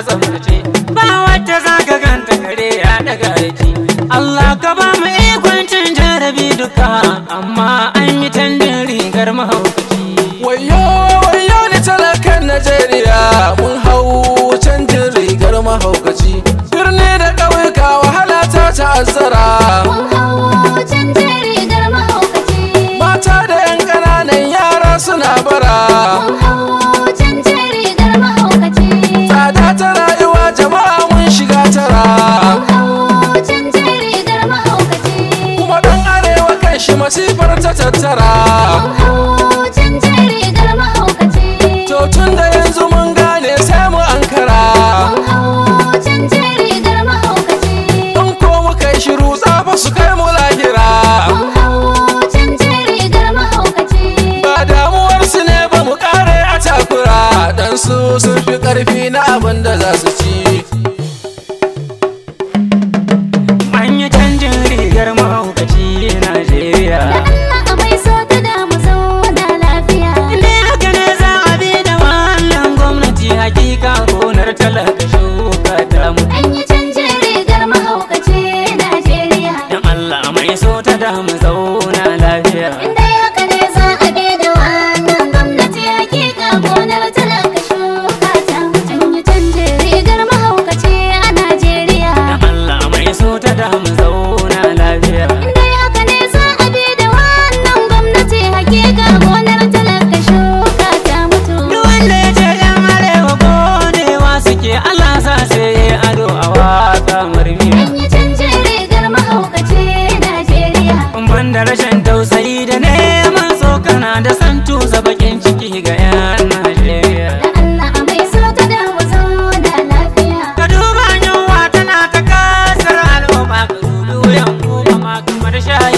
a tsabtace ba wata zaka ganta gare ya daga aiki Allah ka ba mu ikon cin jarabi duka amma an yi canjin rigar mahaukaci wayo wayo ni talakan Najeriya mun hau canjin rigar mahaukaci birni da ƙauyuka wahala ta ta'azzara mun hau karfi na abin da za su ci Manyan canjin rigar mahaukaci najeriya Hakika gonar shuka An yi canjin rigar mahaukaci Najeriya. Dan Allah mai so ta damu zau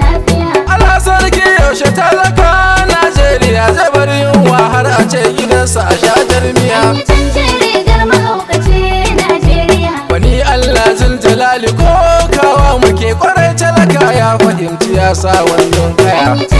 lafiya. Allah sarki yaushe talaka Najeriya zai bar yunwa har a ce gidansa a sha jarmiya Wani Allah zuljalali ko kawa muke kwarai talaka ya fahimci ya sa wannan kaya